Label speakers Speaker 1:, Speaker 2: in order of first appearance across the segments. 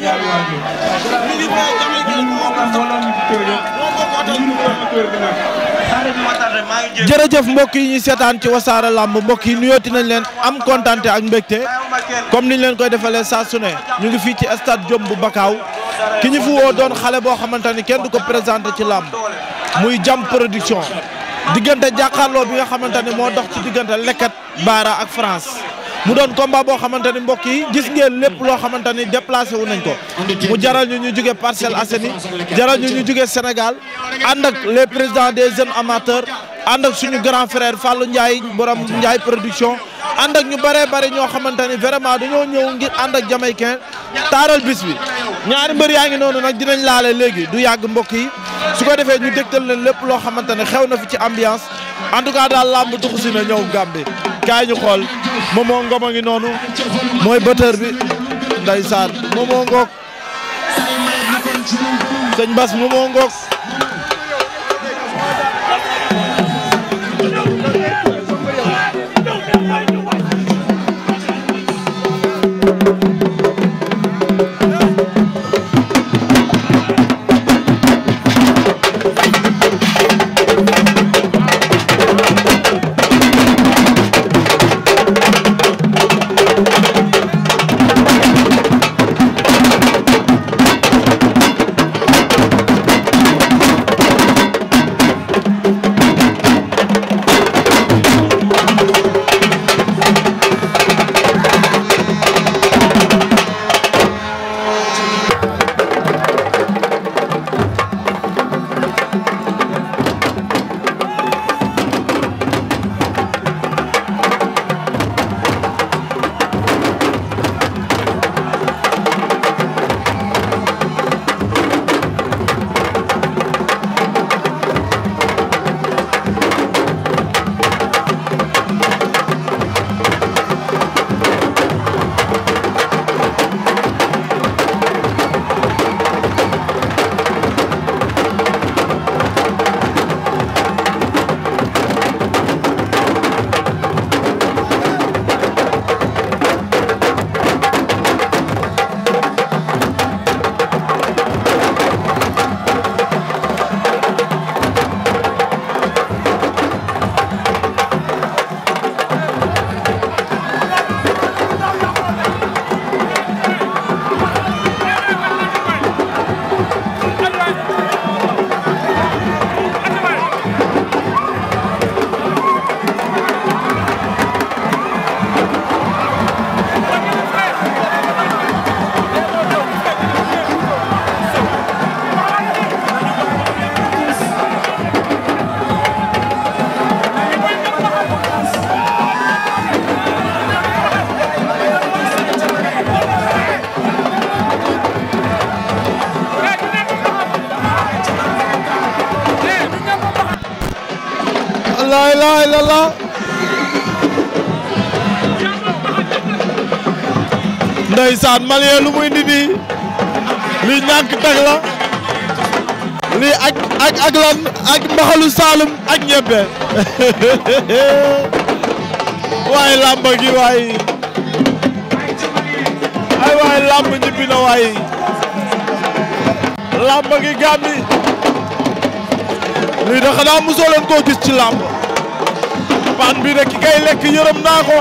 Speaker 1: ñaari jërëjëf mbokk yi ñu seetaan ci wasaare làmb mbokk yi nuyooti nañ leen am kontaan ak mbégte comme niñ leen koy defalee saa su ne ñu ngi fii ci stade Diop bu Bakaaw ki ñu fi woo doon xale boo xamante ni kenn du ko présenté ci làmb muy jam production diggante jàkkaarloo bi nga xamante ne moo dox ci diggante lekkat Baara ak France. mu doon combat boo xamante ni mbokk yi gis ngeen lépp loo xamante ni déplacé wu nañ ko mu jaral ñu ñu jóge Parcelles Assainies jaral ñu ñu jóge Sénégal ànd ak les présidents des jeunes amateurs ànd ak suñu grand frère Fallou Ndiaye borom Ndiaye production ànd ak ñu bëree bëri ñoo xamante ni vraiment dañoo ñëw ngir ànd ak jamaïcain taaral bis bi ñaari mbër yaa ngi noonu nag dinañ laale léegi du yàgg mbokk yi su ko defee ñu dégtal leen lépp loo xamante ne xew na fi ci ambiance en tout cas daal làmb tuxu si ñëw Gambie kaay ñu xool Momo Ngom a ngi noonu mooy bëtër bi ndeysaan Momo Ngom sëñ Bas Momo Ngom ndeysaan malien lu lii da xanaa mosoo leen koo gis ci làmb paan bi ki kay lekk yërëm naa ko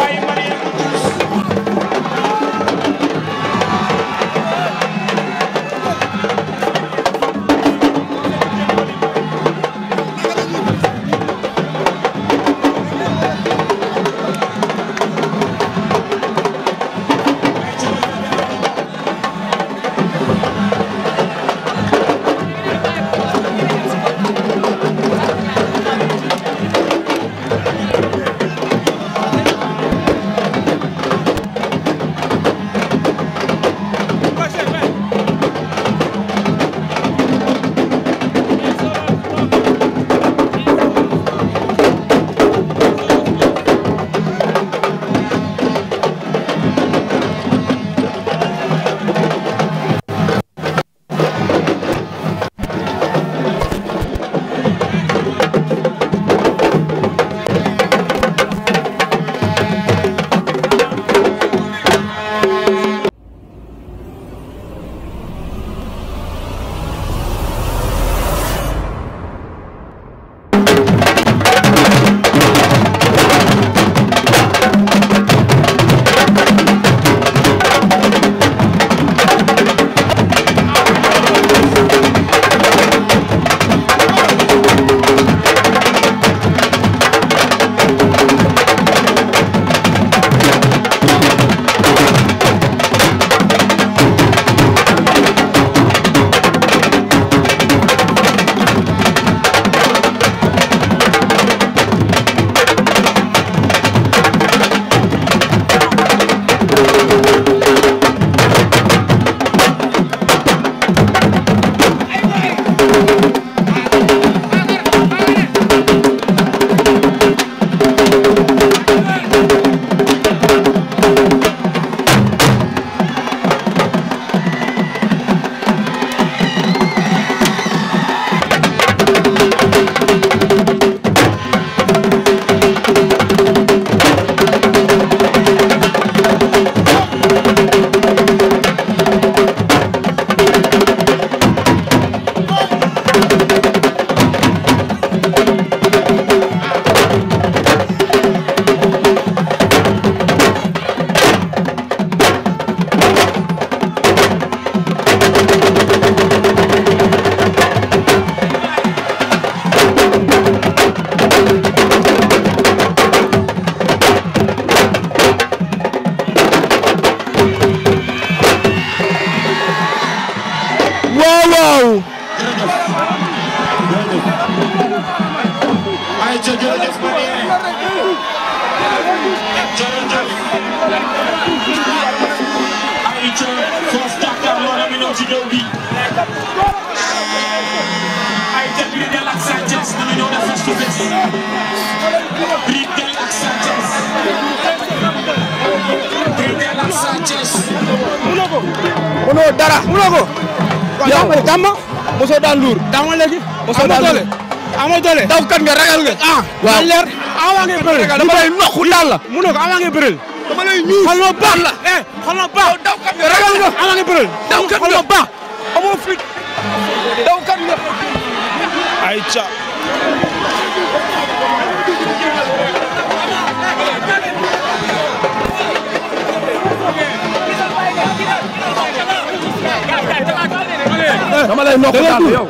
Speaker 1: yow jàmm mosoo daan luur dama léegi mosoo daan luur amoo doole daw kat nga ragal nga ah, ah waaw leer avant ah, ngay bëreel dama lay noqu daal la mu ne ko avant ah, ngay bëreel dama lay ñuul xol ma baax la eh xol ma baax daw kat nga ragal nga avant ngay bëreel daw kat nga xol ma baax amoo fit daw kat nga ay ca dama lay nokk daan yow.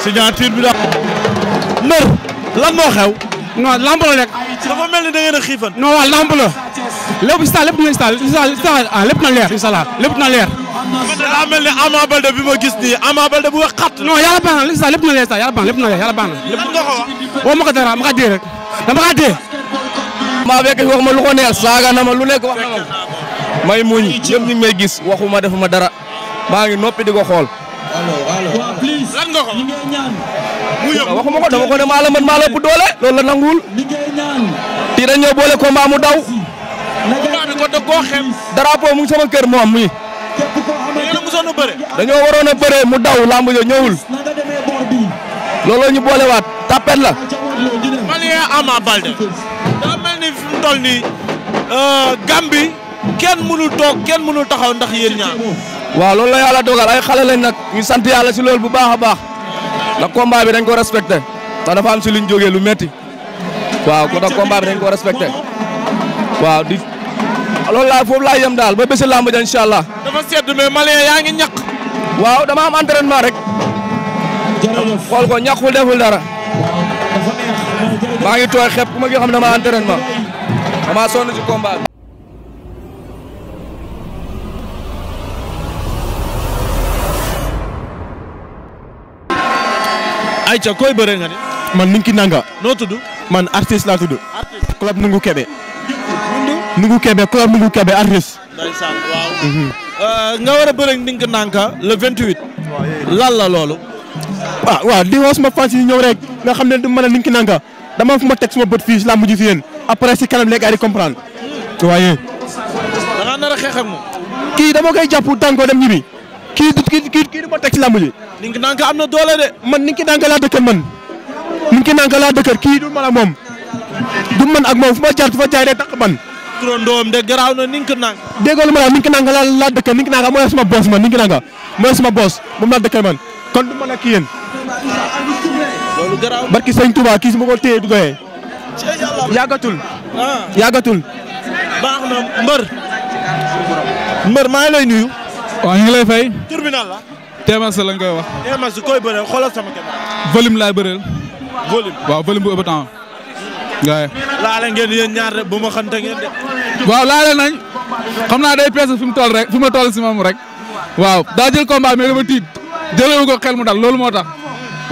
Speaker 1: signature bi daal. mbër lan moo xew. non lamb la rek. dafa mel ni da ngeen a xiifan. non waaw lamb la. lépp si saa lépp dina si saa lépp na leer incha allah lépp na leer. man de daa mel ni Ama Baldé bi ma gis nii Ama Baldé bu wax xat. non yàlla baax na li si saa lépp na leer saa yàlla baax na lépp na leer yàlla baax na. lan nga ko wax. woo ma ko dara ma ka dee rek dama ka dee. maa fekk wax ma lu ko neex saaga na ma lu nekk wax na ma may muñ ñëpp ñu ngi may gis waxuma defuma dara maa ngi noppi di ko xool. lan nga ko. waxuma ko dama ko ne maa la mën maa la ëpp doole loolu la nanguwul. tii dañ ñoo boole combat mu daw. combat bi ko dëgg koo xem. mu ngi sama kër moom mi. yéen a dañoo waroon a bëre mu daw lamb jo ñëwul. looloo ñu boolewaat tapet la. Malien Ama Balde. daa mel ni fi mu toll nii. Euh, Gambie kenn mënul toog kenn mënul taxaw ndax yéen ñaar. waaw loolu la yàlla dogal ay xale lañ nag ñu sant yàlla si loolu bu baax a baax. ndax combat bi dañ ko respecté. ndax dafa am si luñ jógee lu metti waaw kon nag combat bi dañ ko waaw di loolu laa foofu laa yem daal ba bési làmb ja incha allah. dafa sedd mais Malien yaa ngi ñaq. waaw dama am entraînement rek. jërëjëf xool ko ñaqul deful dara. maa ngi tooy xepp ku ma ngi xam ne dama entraînement dama sonn ci combat bi. Aïcha Nanga. noo tudd. man artiste laa tudd. artiste club Nungu Kebe. Nungu Kebe club Nungu Kebe artiste. ndeysaan waaw. Mhm. Euh, nga war a bëre ndink nanka le 28. la loolu. waaw ah, waaw di woo sama fans yi ñëw rek nga xam ne du mën a ndink nanka dama fu ma teg sama bët fii si laa mujj fi yéen après si kanam léegi a di comprendre. waaye. da nar a xeex moom. kii dama koy jàpp tànkoo dem ñibbi. kii kii kii du ma teg si làmb ji. ndink am na doole de. man ndink nanka laa dëkkal man. mun ki naan laa dëkkër kii du ma la moom du man ak moom fu ma jaar fu ma jaay day tax man. turandoom de garaaw na ni nga ko naan. déggoo lu ma la ni nga ko laa laa dëkkër ni nga ko naan mooy sama boos man ni nga ko naan mooy sama boos moom laa dëkkër man kon du ma la kii yéen. loolu garaaw barki kii su ma ko téye du goyee. yàggatul. yàggatul. mbër. mbër maa ngi lay nuyu. la. Téemas la koy wax. Téemas volume waaw volume bu ëpp temps. laale ngeen yéen ñaar de bu ma xante ngeen de. waaw laale nañ xam naa day peese fi mu toll rek fi ma tol si moom rek. waaw daa jël baa mais dama tiit jëlewu ko xel mu dal loolu moo tax.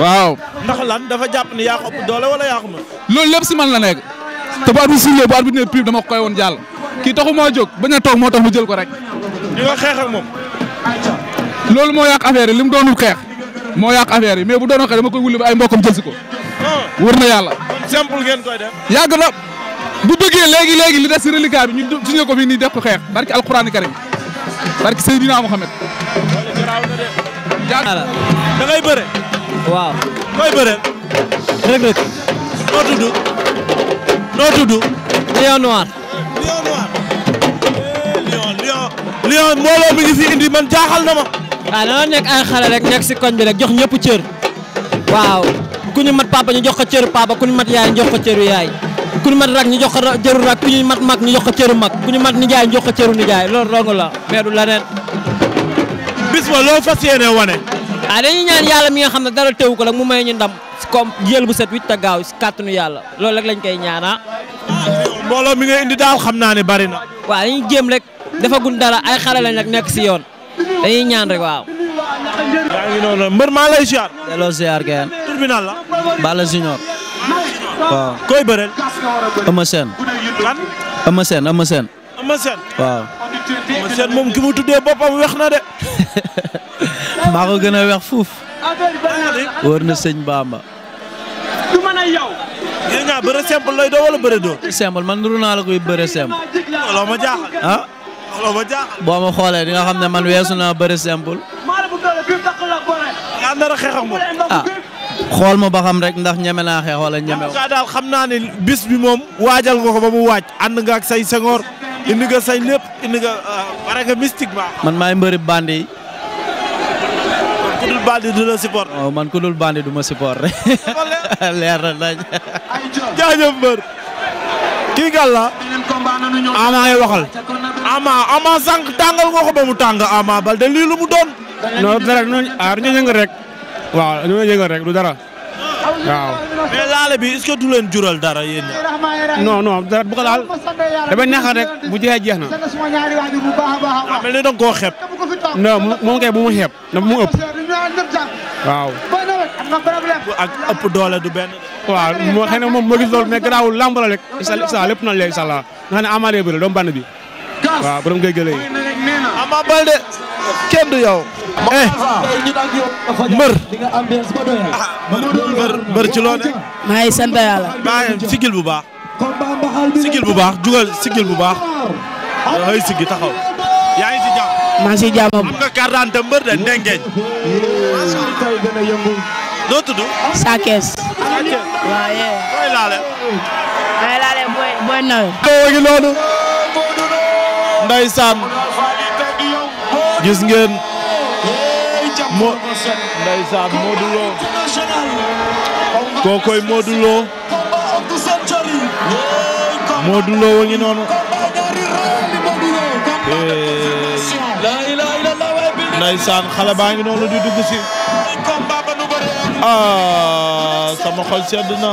Speaker 1: waaw. ndax lan dafa jàpp ni yaa ko ëpp doole wala loolu lépp si man la nekk. te bu at bi suulee bu at bi ne pib dama koy woon jàll. kii taxu moo jog bañ a toog moo tax mu jël ko rek. di nga xeex ak moom. loolu moo yàq affaire yi li mu doonul xeex. moo yàq affaire yi bu doonul xeex dama koy wuli ba ay mbokkam jël si ko. wër na yàlla. kon simple ngeen koy yàgg na bu bëggee léegi léegi li des si reliquat bi ñu suñu ko fii nii def ko xeex barki alxuraan karim barki Seydina Mohamed. jaaxal la da ngay waaw koy bëre. Reug Reug. noo tudd. noo tudd. Lion Noir. Lion Noir. Eh, Lion indi man jaaxal na ma. waaw dañoo nekk ay xale nekk si koñ bi rek jox ñëpp cër. waaw. ku ñu mat papa ñu jox ko cëru papa ku ñu mat yaay ñu jox ko cëru yaay ku ñu mat rak ñu jox ko cëru rak ku ñu mat mag ñu jox ko cëru ku ñu mat nijaay ñu jox ko nijaay loolu dong la mais du leneen. bis ba loo fas yéene wane. ah dañuy ñaan yàlla mi nga xam ne dara teewu ko rek mu may ñu ndam comme jël set wit ta gaaw si nu yàlla lool rek lañ koy ñaana ah. mbooloo mi nga indi daal xam naa ne bari na. waaw dañuy jéem rek defagun dara ay xale lañ rek nekk si yoon dañuy ñaan rek waaw. yaa ngi Balla Junior waaw. koy bëreel. Eumeu Sène. kan. Eumeu Sène Eumeu Sène. Eumeu Sène waaw. Eumeu Sène moom ki mu tuddee boppam wex na de. maa ko gën a wex fuuf. wër na sëñ Bamba. du mën a yow. yéen ñaa bëre simple lay doo wala bëre doo. simple man nuru naa la koy bëre simple. looloo ma jaaxal. ah. looloo ma jaaxal. boo ma xoolee di nga xam ne man weesu naa bëre simple. yaa nara xeex ak xool ma ba xam rek ndax ñeme naa xeex wala ñeme daal xam naa ne bis bi moom waajal nga ba mu waaj ànd nga ak say sengoor indi nga say lépp indi nga bare euh, nga mystique ba. man maay mbëri bandi yi. ku bandi du la support. waaw oh, man ku bandi du ma support rek. leer na laaj. jaajëf mbër. kii gàlla. ama ngay waxal. ama ama tàngal nga ko ba mu tàng ama bal de lii lu mu doon. non dara noonu aar ñu ngi rek. waaw li ma yëgal rek du dara waaw. mais bi est-ce leen jural dara yéen non non dara bu ko laal dafay neexal rek bu jeexee jeex na. ah mais li doon koo xeeb. non moom kay bu mu xeeb dafa mu ëpp waaw. ak doole du benn. waaw moo xëy na moom moo gis loolu mais garaawul làmb la rek. incha na leen incha allah nga xam ne amaaree bi la doomu Ama Baldé kenn du yow. eh ah, mbër. mbër mbër ci loo maa ngi sant yàlla. maa sigil bu baax. sigil bu baax jugal sigil bu baax. ay sigi taxaw. yaa ngi ci maa ngi ci jàmm am nga carte mbër de ndengeñ. noo tudd. Sa Thiès. Sa Thiès waaye. booy laale. booy laale booy booy nawet. ndeysaan. gis ngeen mo ndeysaan Modou Lo kookoy Modou Lo Modou Lo wa ngi noonu ndeysaan xale baa ngi noonu di dugg si ah, sama xol sedd na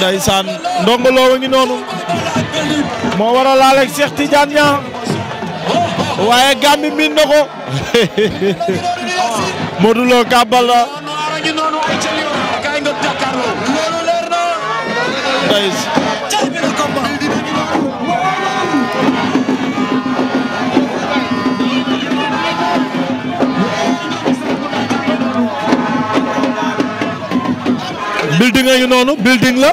Speaker 1: ndeysaan Ndongo Lo wa ngi noonu moo war a laaleeg Cheikh Tidiane waaye Gàmbi miin na ko Modou Lo kàbbal la building a ngi noonu building la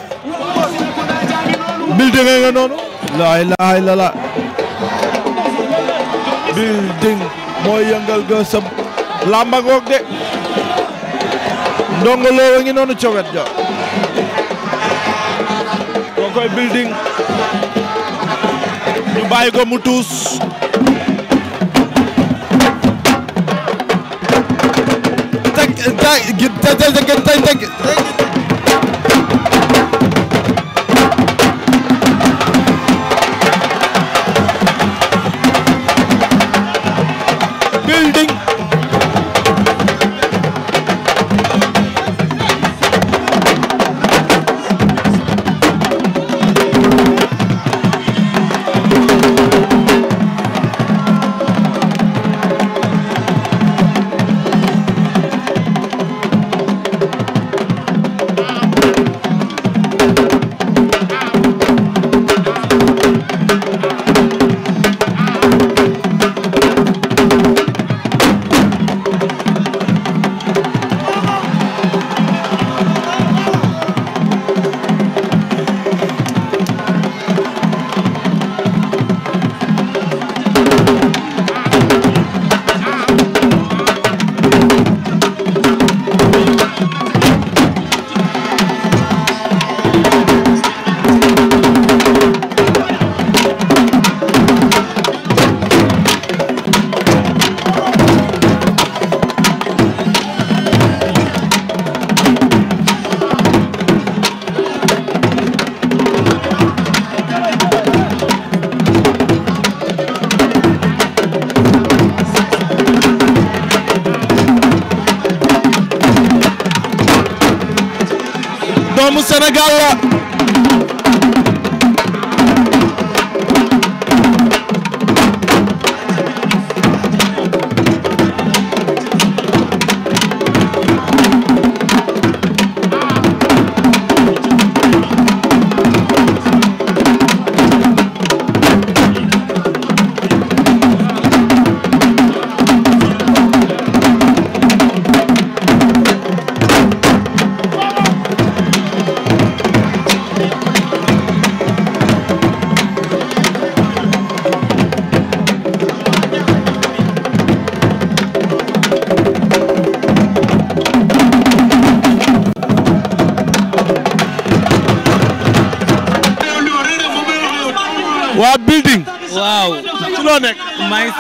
Speaker 1: building a ngi noonu la ilaha illallah mooy yëngal gësëm làmba ngoog de ndongo loo ngi noonu cowet ja koo koy building ñu bàyyi ko mu tuus teg teg teg teg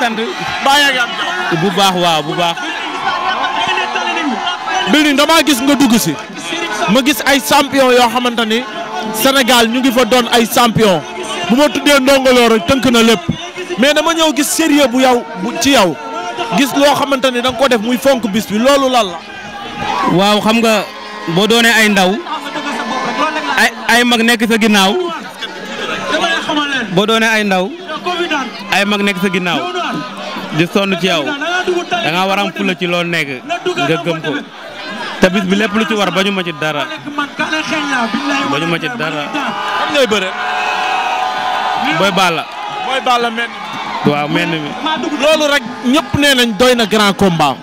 Speaker 1: sant. baa yaa bu baax waaw bu baax. Building dama gis nga dugg si. ma gis ay champion yoo xamante ni Sénégal ñu ngi fa doon ay champion bu ma tuddee ndongoloo rek tënk na lépp mais dama ñëw gis sérieux bu yow bu ci yow gis loo xamante ni da nga ko def muy fonk bis bi loolu lal la. waaw xam nga boo doonee ay ndaw ay ay mag nekk sa ginnaaw boo doonee ay ndaw ay mag nekk sa ginnaaw. di sonn ci yow da ngaa war ci loo nekk nga gëm ko te bis bi lépp lu ci war bañu ma ci dara bañu ma ci dara. booy Balla. waaw mel mi. loolu rek ñëpp nee nañ doy na grand combat.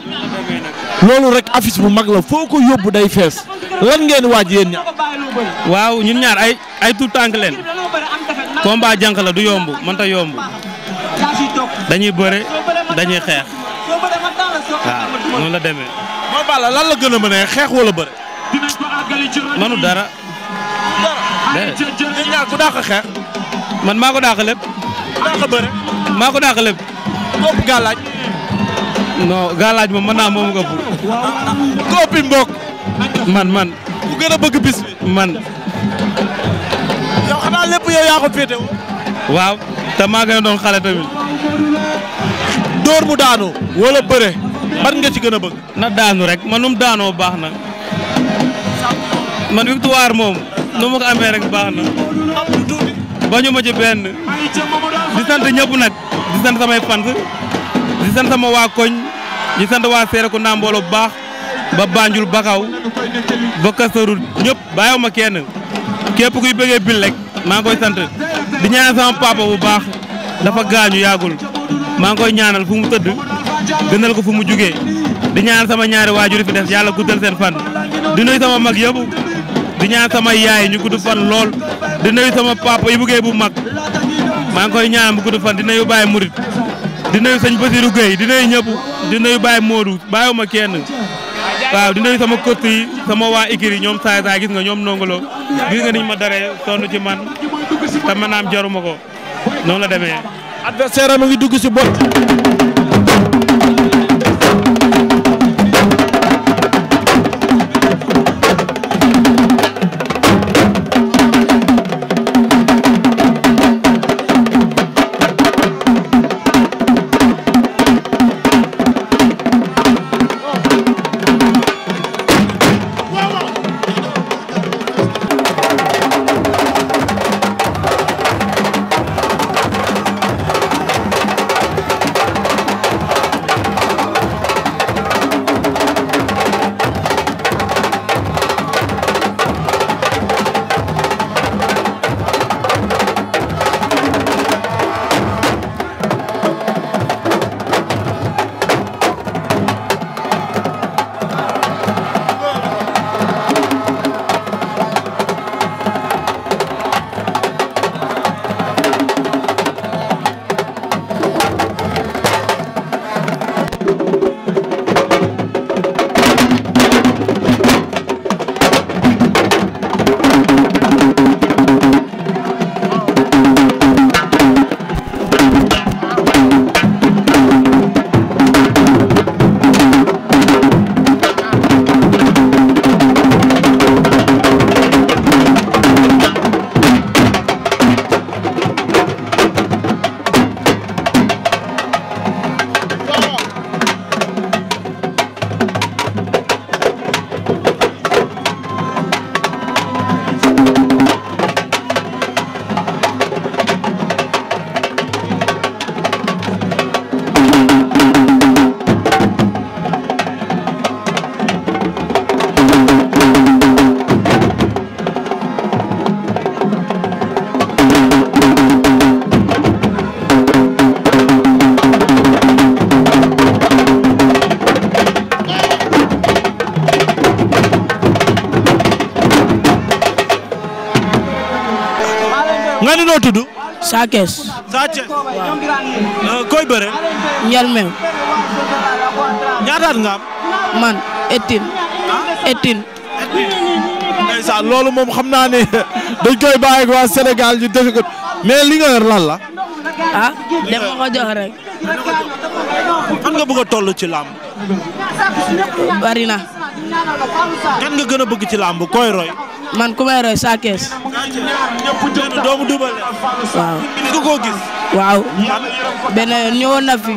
Speaker 1: loolu rek affiche bu mag la foo ko yóbbu day fees lan ngeen waaj yéen ñaar. waaw ñun ñaar ay ay tànk leen. combat jànq la du yomb mënta yomb. dañuy bëre. dañuy xeex. waaw noonu la demee. Mame Balla lan la gën a xeex wala bëre. manu dara. dara xeex. man maa ko dàq lépp. dàq bëre. maa ko dàq lépp. ëpp gàllaaj. non gàllaaj moom mën naa moom nga ëpp. ku ëppi mbokk. man man. ku bëgg bis man. yow xanaa lépp yow yaa ko waaw te doon xale dóor mu daanu wala bëre ban nga ci gën a bëgg. na daanu rek man nu mu baax na man victoire moom nu ma ko amee rek baax na bañu ma di sant ñëpp nag di sant samay fans di sant sama waa koñ di sant waa Serekunda mbooloo bu baax ba Banjul Bakaw ba Kasarul ñëpp bàyyiwuma kenn képp kuy bëggee bil rek maa ngi koy sant di ñaan sama papa bu dafa gaañu yàggul. maa ngi koy ñaanal fu mu tëdd gënal ko fu mu jugee di ñaanal sama ñaari waajur fi def yàlla guddal seen fan di nuyu sama mag yëpp di ñaan sama yaay ñu gudd fan lool di nuyu sama papa yi buggee bu mag maa ngi koy ñaanal mu gudd fan di nuyu Baye Murit di nuyu sëñ Basirou Gueye di nuyu ñëpp di nuyu Baye Modou bàyyiwuma kenn waaw di nuyu sama kott yi sama waa Ikiri ñoom saay saay gis nga ñoom nongolo gis nga niñ ma daree sonn ci man te maanaam jaruma ko noonu la demee. adversaire ma a ngi dugg si bot Thiès. Sa euh, koy bëre. Ndialmew. ñaataat nga man Etine. Ah? Etine. loolu moom xam naa ne dañ koy bàyyi ak waa Sénégal ñu def ko mais li nga yor lan la.
Speaker 2: ah dama jox rek. fan nga
Speaker 1: bëgg a toll ci làmb. bari na. kan nga gën a bëgg ci làmb koy roy. man ku may roy Sa Thiès. doomu waaw. nga koo gis. waaw. benn yoon ñëwoon na fi.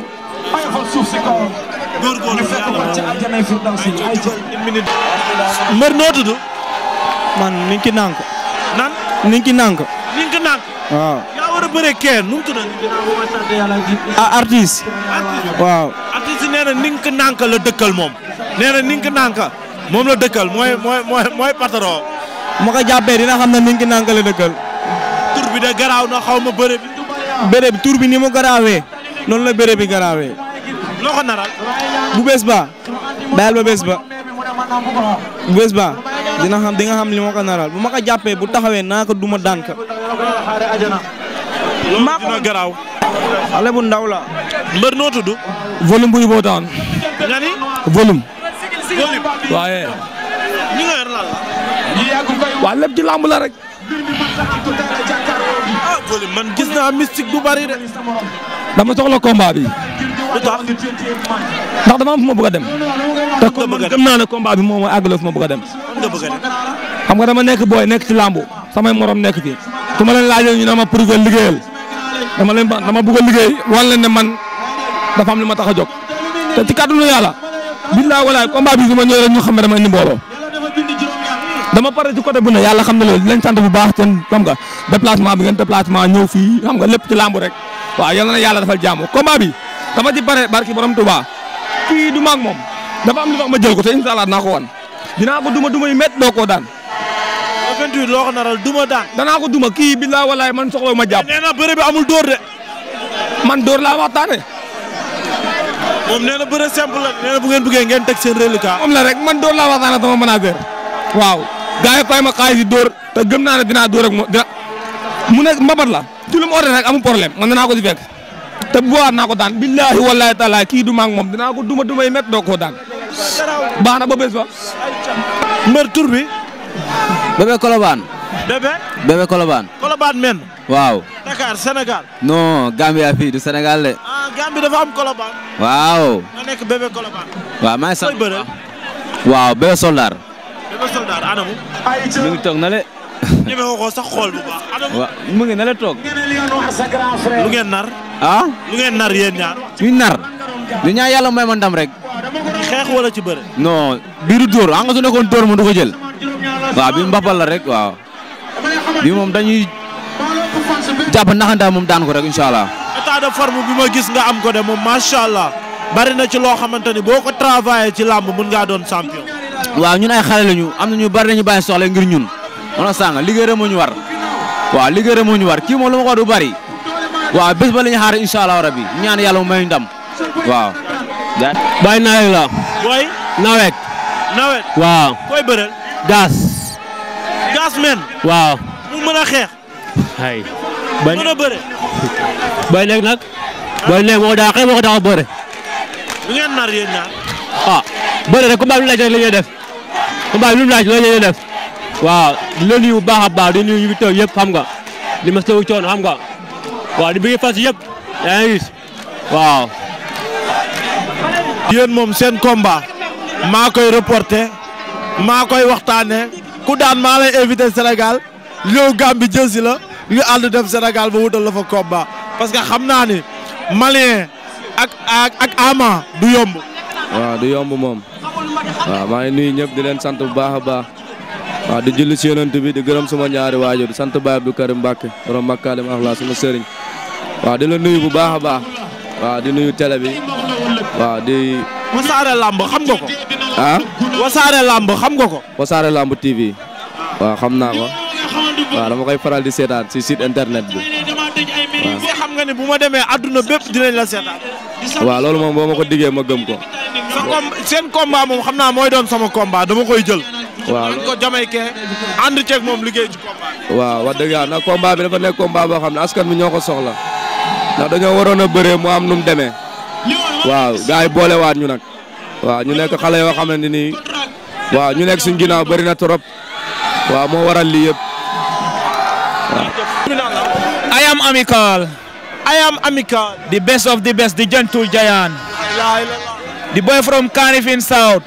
Speaker 1: góorgóorlu yàlla. mbër noo tudd. man Ninki Nank. nan Ninki waaw. a bëree waaw. artiste nee na la dëkkal moom. nee na Ninki Nank moom la dëkkal mooy mooy ma ko jàppee dina xam ne ni ngi nanga la dëkkal. da garaaw na xaw ma bëre bi. bëre tur bi ni mu garaawee noonu la bëre bi garaawee. loo bu bés ba bayal ba bés ba bu bés ba dina xam di nga xam li ma ko naral bu ma ko jàppee bu taxawee naa ko duma daan ka. maa ko dina garaaw. xale bu ndaw la. mbër noo tudd. volume buy boo daan. nga waaye. waaw lépp ci làmb la rek. ah man gis naa mystique bu bari de. dama soxla combat bi. lu tax ndax dama am fu ma bëgg a dem. te comme gëm naa ne combat bi moom mooy àggale fu ma bëgg dem. xam nga dama nekk booy nekk ci làmb samay morom nekk ci su ma leen laajee ñu ne ma prouver liggéeyal dama leen dama bëgg a liggéey wan ne man dafa am ma tax a jóg te ci kàddu yàlla billaay walaay combat bi su ma ñëwee rek ñu xam ne dama indi mbooloo. dama pare ci côté bu ne yàlla xam na loolu di leen sant bu baax seen xam nga déplacement bi ngeen déplacement ñëw fii xam nga lépp ci làmb rek waaw yal na yàlla dafal jàmm combat bi dama ci pare barki borom Touba kii du maag moom dafa am lu tax ma jël ko te incha allah naa ko wan dinaa ko duma duma yu métti doo koo daan. aventure loo ko naral duma daan. danaa ko duma kii billaa walaay man soxla ma jàpp. nee na bëre bi amul dóor de. man dóor laa waxtaane. moom nee na bëre simple la nee na bu ngeen bëggee ngeen teg seen reliquat. moom la rek man dóor laa waxtaane sama manager waaw. gars yi ma xaalis yi dóor te gëm naa ne dinaa dóor mu nekk mbabat la ci lu mu ordre rek amul problème man danaa ko ci fekk te bu boobaa naa ko daan billahi wallahi taala kii du maag moom dinaa ko duma duma yi métti doo ko daan baax na ba bés ba. mbër tur bi. Bébé Colobane. Bébé. Bébé Colobane. Colobane men. waaw. Dakar Sénégal. du Sénégal de. ah Gambie dafa am waaw. nga nekk bébé soldat anamu. mi ngi toog na le. ñeme ko sax xool bu baax. waaw mu ngi na toog. lu ngeen nar. ah lu ngeen nar yéen ñaar. ñu nar. ñu ñaan yàlla may ma ndam rek. xeex wala ci bëre. no biiru dóor xam ah, nga su nekkoon dóor mu du ko jël. waaw bi mbapal la rek waaw. bii moom dañuy jàpp naxandaa moom daan ko rek incha allah. état de forme bi ma gis nga am ko de moom macha allah bari na ci loo xamante ni boo ko travaillé ci làmb mën ngaa doon champion. waaw ñun ay xale am na ñu bari nañu bàyyi soxla ngir ñun mën a sàng liggéey rek ñu war waaw liggéey rek moo ñu war kii lu ma ko du bari waaw bés ba la ñu xaar incha allah rabi ñaan yàlla mu may ndam waaw. bàyyi nawet la. booy. waaw. gaas. gaas men. waaw. mu mën a xeex. ay. bay mën a bëre. bay nekk nag. moo daa xeex moo bëri rek combat bi lu laaj rek la ñuy def combat bi lu mu laaj loolu la ñuy def waaw di la nuyu bu baax a baax di nuyu ñu fi teew yëpp xam nga di ma sew coono xam nga waaw di bëgg fas yëpp yaa ngi gis waaw. yéen moom seen combat maa koy reporté maa koy waxtaanee ku daan maa lay invité Sénégal ñëw Gambie jël si la ñu ànd dem Sénégal ba wutal la fa combat parce que xam naa ni Malien ak ak ak Ama du yomb. waaw du yomb moom waaw maa ngi nuyu ñëpp di leen sant bu baax a baax waaw di julli si yonent bi di gërëm suma ñaari waajur di sant Baay Abdou Karim Mbàkke borom Makaalim Axlaa suma sëriñ waaw di la nuyu bu baax a baax waaw di nuyu télé bi waa di. wasaare lamb xam nga ko. ah. wasaare lamb xam nga ko. wasaare lamb TV waaw xam naa ko waaw dama koy faral di seetaan si sit internet bi waaw. ne bu ma demee adduna bépp dinañ la waaw loolu moom boo ma ko diggee ma gëm ko. sa seen combat moom xam naa mooy doon sama combat dama koy jël. waaw ko Jamaïcain ànd ceeg moom liggéey ci combat waaw wax yàlla nag combat bi dafa nekk combat boo xam ne askan bi ñoo ko soxla ndax waroon a bëree mu am nu mu demee waaw gars yi boolewaat ñu nag waaw ñu nekk xale yoo xam ni nii waaw ñu nekk suñ ginnaaw bëri na trop waaw moo waral lii yëpp waaw. I am amical. di am amical. the best of the best the gentle giant. The boy from Carnifin South,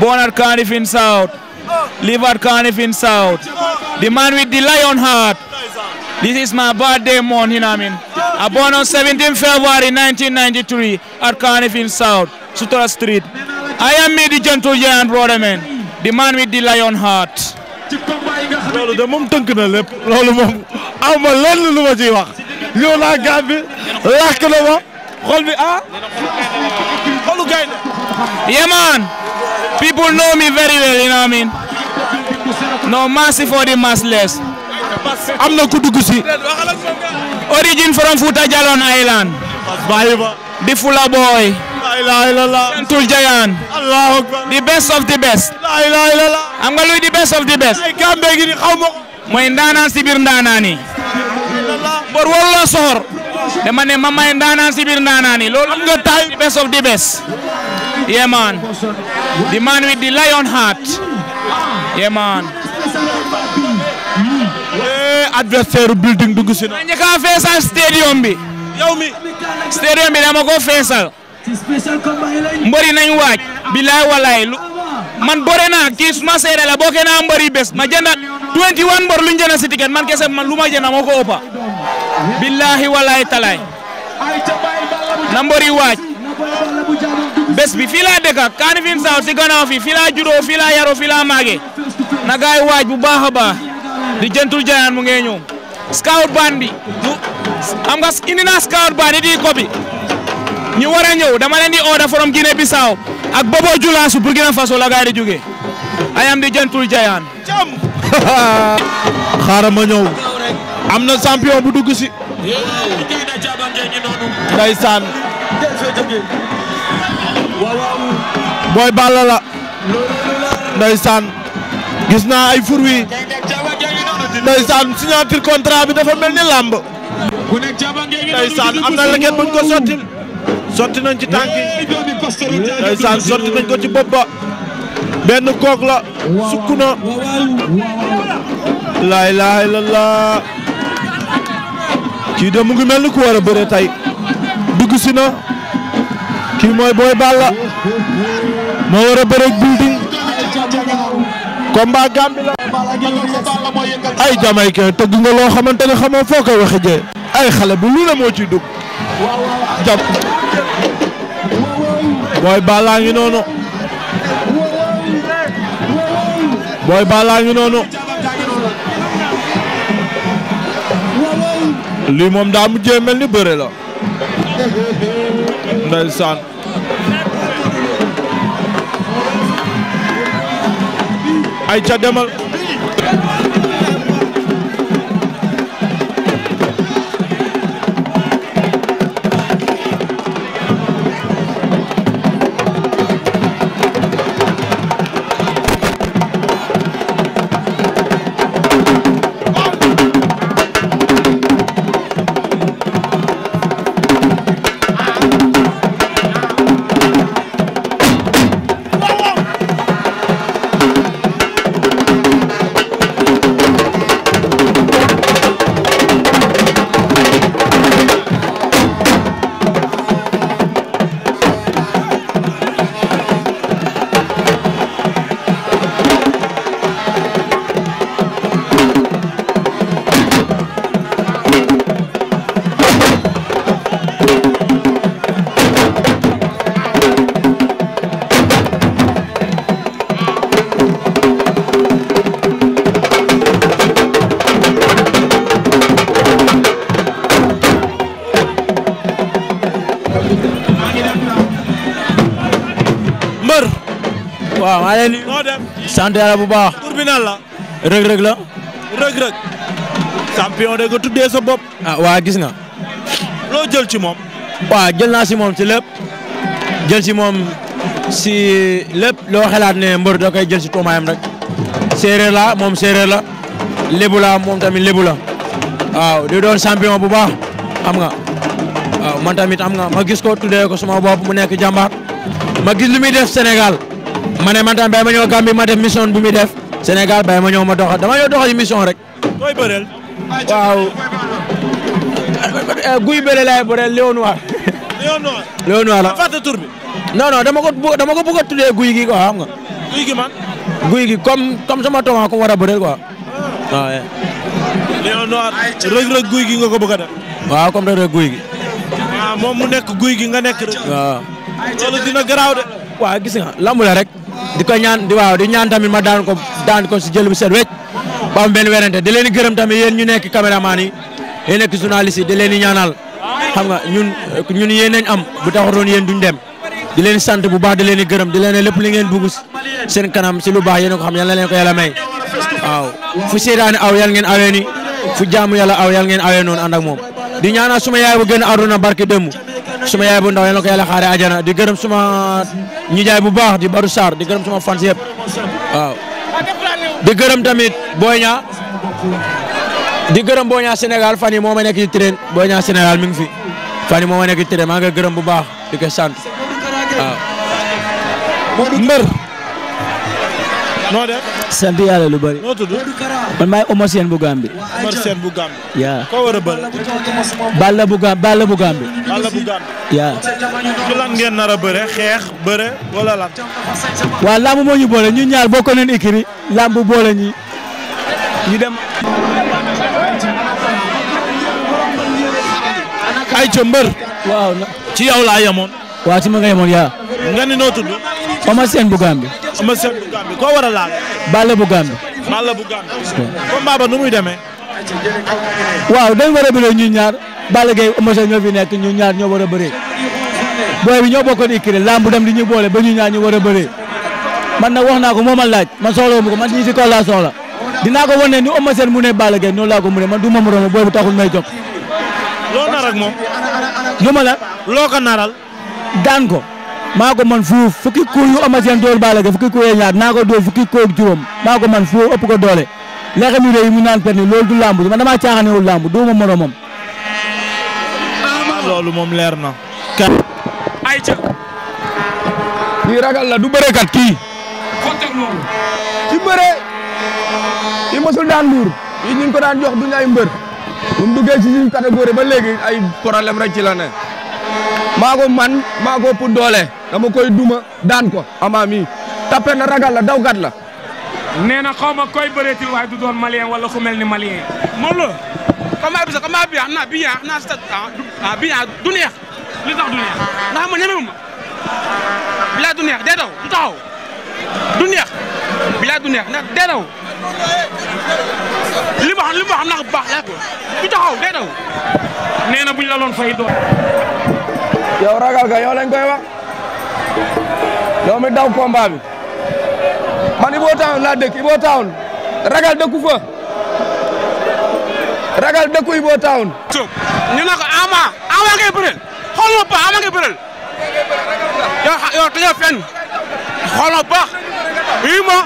Speaker 1: born at Carnifin South, live at Carnifin South. The man with the lion heart. This is my birthday month, you I born on February 1993 at Carnifin South, Street. I am me, the gentle giant brother man, the man with the lion heart. loolu de moom tënk na xolu gaynde know me very well you know what I mean no mercy for am na ku origin from Fouta Jalon Island the Fula boy Santul Jayan best of the best am nga luy best of the best mooy ndaanaan si biir ndaanaan yi mbër waruloo soxor dama ne ma may ndaanaan si biir ndaanaan yi loolu nga taay best of the best yeah man the man with the lion heart yeah man eh adversaire building na a feesal stadium bi yow mi stadium feesal mbëri nañ waaj bilaay walaay man bëre naa kii suma seere la boo ke naa mbëri ma jënda 21 lu ñu jënd si ticket man kese man lu ma jënd moo billaahi walaay talaay na waaj bés bi fii laa dëkk kaani fi mu si gannaaw fi fii laa juddoo fii laa yaroo fii waaj bu baax a baax di jëntul jayaan mu ngee ñëw scout bi mu xam indi naa scout band yi di kopi ñu war a ñëw dama leen di order from Guinée Bissau ak Bobo Julaasu Burkina Faso la gaay di jógee ayam di jëntul jayaan. xaaral ma am na champion bu dugg si. ndeysaan. booy Balla la. ndeysaan. gis naa ay fur wi. ndeysaan signature contrat bi dafa mel ni làmb. ndeysaan am na leket buñ ko sottil sotti nañ ci tànk yi. ndeysaan sotti nañ ko ci bopp ba. benn kook la sukk na. la ilaha illallah. kii de mu ngi mel ni ku war a bëre tey dugg si na kii mooy Boy Balla moo war a bëre building combat Gambie la ay Jamaïcain tëgg nga loo xamoo foo koy waxe jee ay xale bu lu ne moo ci dugg jàpp Boy Balla ngi noonu Boy Balla ngi noonu lii moom daa mujjee mel ni bëre la ndeysaan ay ca demal waaw maa leen nuyu. sant yàlla bu baax. tur bi la. tuddee sa bopp. Ah, waa gis nga. loo jël ci moom. waa jël si moom si lépp. jël si moom si lépp loo xalaat ne mbër da koy jël toomaayam rek. séeréer la moom séeréer la. lébu la moom tamit lébu la. waaw di doon champion bu baax xam nga. waaw man tamit am nga ma gis ko tuddee ko sama bopp mu nekk jàmbaar ma gis lu muy def Sénégal ma ne man tam bay ma ñëw Gambie ma def mission bi muy def Sénégal bay ma ñëw ma doxal dama ñëw doxal mission rek. waaw. Eh, guy bële laay bëreel Lion Noir. Lion Noir. tur bi. non dama ko dama ko bëgg guy gi ko xam nga. guy gi man. guy gi comme comme sama tomaa ko war a bëreel quoi. waaw. Lion rëg-rëg guy gi nga ko bëgg a def. waaw comme rëg-rëg guy gi. waaw ah, moom mu nekk guy gi nga nekk rek. Ah. waaw. loolu gis nga lamb rek. di ko ñaan di waaw di ñaan tamit ma daan ko daan ko si jël bu set wecc ba am benn werante di leen gërëm tamit yéen ñu nekk caméraman yi yéen nekk journaliste di leen ñaanal xam nga ñun ñun yéen nañ am bu taxutoon yéen duñ dem di leen sant bu baax di leen gërëm di leen lépp li ngeen bugg seen kanam si lu baax yéen a ko xam yal ko yàlla may waaw fu seetaane aw yal ngeen awee ni fu jaamu yàlla aw yal ngeen awee noonu ànd ak moom di ñaanal suma yaay bu gën a àdduna barke démb suma yaay bu ndaw yal na ko yàlla xaare ajana di gërëm suma ñu jaay bu baax di baru Sarr di gërëm suma fans yëpp di gërëm tamit Boy Niang di gërëm boo Niang senegal fan yi moo ma nekk ci train Boy Niang mi ngi fi fan yi moo ma nekk maa ngi gërëm bu baax di ko sant mbër noo def. yàlla lu bari. noo tudd. man bu Gambie. Omar Sène bu Gambie. yaa koo war a bëri. Balla bu Gambie yaa. ci lan ngeen nar a bëre xeex bëre wala lan. waaw làmb moo ñu boole ñu ñaar bokkoon nañu ikiri làmb boole ñi dem. ay ca mbër. waaw ci yow laa waa si ma nga yemoon yaa. nga ni noo tudd. Eumeu Sène bu Gambie. Eumeu Sène bu Gambie koo war a laal. Balla bu Gambie. Balla bu Gambie. combat ba nu muy demee. waaw dañ war a bëree ñu ñaar Balla Gaye Eumeu Sène ñoo fi nekk ñu ñoo war a bëree. booy bi ñoo bokkoon ikkiri lamb bu dem di ñu boole ba ñu ñaar ñu war a bëree. man na wax naa ko moo ma laaj man soxla mu ko man ñii si kaw laa soxla dinaa ko wan ne ni Eumeu Sène ne Balla Gaye noonu laa ko man du ma moroom booy bu taxul may jox. loo nar ak moom. lu daan ko maa ko man fuuf fukki ku yu Eumeu Sène dóor Balla Gaye fukki naa ko dóor fukki ku ak juróom maa ko man fuuf ëpp ko doole leexam yu réy mu naan perni loolu du làmb ji man damaa caaxaanewul làmb duuma moroomam loolu moom leer na ay ca kii ragal la du bërekat kii ci bëre yi daan luur yi ñu ko daan jox duñu ay mbër bu mu duggee ci ba léegi ay problème rek ci maa ko man maa ko ëpp doole dama koy duma daan ko ama mi tapé na ragal la gat la. nee na xaw ma koy bëreetil waaye du doon malien wala ku mel ni malien. moom la combat bi sax combat bi bi xam naa ah, ah, bi du neex li tax du neex bilaa du neex daw du taxaw du neex bilaa du neex daw. li ma xam li ma baax yàgg du taxaw day daw nee na buñ la loon fay doon. yow ragal ga yow lañ koy wax yow mi daw combat bi man Ibo Town laa dëkk Ibo Town ragal ragal dëkku Ibo Town. ñu ne ko Ama Ama ngay bëreel xool ma baax Ama ngay bëreel yow xa yow tëjoo fenn xool baax bii ma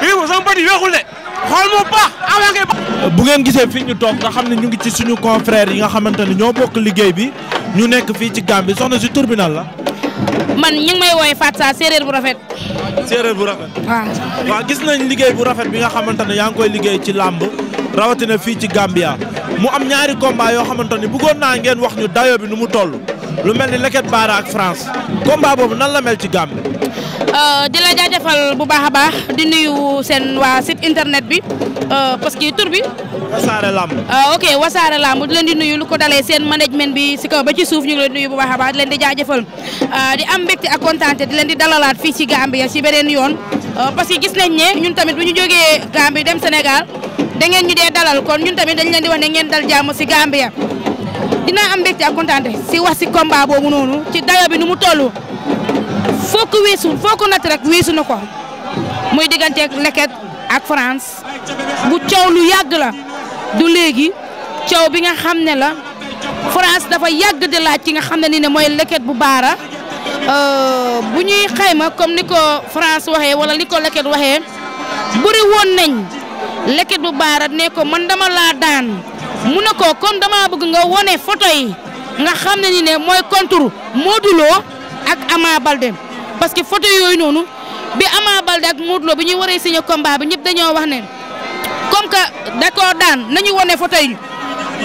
Speaker 1: bii ma sama yi weexul de. xool bu ngeen gisee fii ñu toog nga xam ne ñu ngi ci suñu confrère yi nga xamante ne ñoo bokk liggéey bi ñu nekk fii ci Gambie soxna si turbinal la.
Speaker 2: man ñu ngi may woowee Fatsa séeréer bu rafet.
Speaker 1: séeréer bu rafet. waaw gis nañ liggéey bu rafet bi nga xamante ne yaa ngi koy liggéey ci làmb rawatina fii ci Gambia mu am ñaari combat yoo xamante ne bëggoon naa ngeen wax ñu dayo bi nu mu toll lu mel ni Leket Baara ak France combat boobu nan la mel ci Gambie.
Speaker 2: Euh, di la jaajëfal bu baax a baax di nuyu seen waa site internet bi euh, parce que tur bi. wasaare lamb. Euh, ok wasaare lamb di leen di nuyu lu ko dalee seen management bi si kaw ba ci suuf ñu ngi leen nuyu bu baax a baax di leen di jaajëfal di am mbégte ak kontaante di leen di dalalaat fii si Gambia si beneen yoon. parce que gis nañ ne ñun tamit bu ñu jógee Gambie dem Sénégal da ngeen ñu dee dalal kon ñun tamit dañ leen di wax ne ngeen dal jàmm si Gambia dina am mbégte a kontaante si wax si combat boobu noonu ci dayo bi nu mu toll. foo ko weesu foo ko natt rek weesu na ko muy digganteeg leket ak France bu caw lu yàgg la du léegi coow bi nga xam ne la France dafa yàgg di laaj ci nga xam ne ni ne mooy leket bu baara euh, bu ñuy xayma comme ni ko France waxee wala ni ko leket waxee bëri woon nañ leket bu baara ne ko man dama laa daan mu ne ko comme dama bëgg nga wone photo yi nga xam ne ni ne mooy contour Modou Lo ak Ama Baldé parce que photo yooyu noonu bi Ama Baldé ak Modou Lo bi ñuy waree signé combat bi ñëpp dañoo wax ne comme que d'accord daan nañu wane photo yi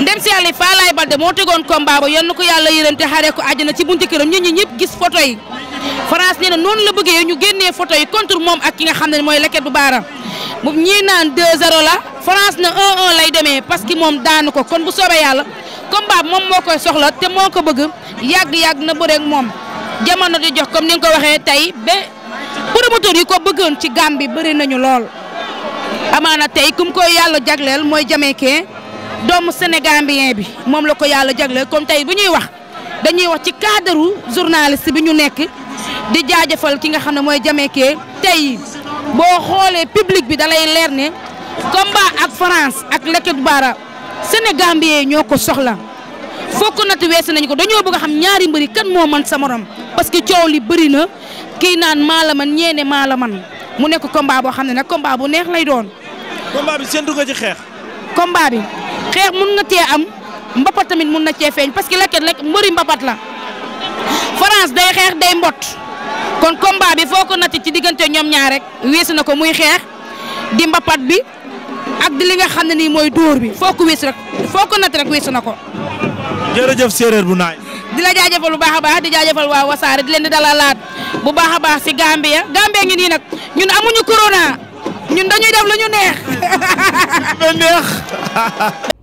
Speaker 2: ndem si yàlla Faalaay Baldé moo tegoon combat ba yal na ko yàlla yërëm te xaaree ko àjjana ci bunti këram ñun ñi ñëpp gis photo yi France nee noonu la bëggee ñu génnee photo yi contre moom ak ki nga xam ne mooy Leket bu Baara moom ñii naan 2 la France na 1-1 lay demee parce que moom daanu ko kon bu soobee yàlla combat moom moo koy soxla te moo ko bëgg yàgg-yàgg na bëreeg moom. jamono di jox comme ni nga ko waxee tey ba promoteur yi ko bëggoon ci Gambie bëri nañu lool amaana tey kum ko yàlla jagleel mooy Jamaïcain doomu sénégambien bi moom la ko yàlla jagleel comme tey bu ñuy wax dañuy wax ci cadre journaliste bi ñu nekk di jaajëfal ki nga xam ne mooy Jamaïcain tay boo xoolee public bi dalay leer ne combat ak France ak Leket Bara sénégambien ñoo ko soxla. fokk nat wees nañ ko dañoo bëgg a xam ñaari mbëri kan moo man sa morom parce que coow li bëri na kii naan maa man ñeene maa la man mu nekk combat boo xam ne nag combat bu neex lay doon. combat bi séntu nga ci xeex. combat bi xeex mun na cee am mbapat tamit mun na cee feeñ parce que lekket lekk mbëri mbapat la France day xeex day mbot kon combat bi foo ko natt ci diggante ñoom ñaar rek weesu na ko muy xeex di mbapat bi ak di li nga xam ne nii mooy dóor bi foo ko weesu rek na ko. jërëjëf séeréer bu naay di la jaajëfal bu baax a baax di jaajëfal wa saare di leen di laat bu baax a baax si Gambia Gambia ngi nii nag ñun amuñu corona ñun dañuy def lu ñu neex. neex.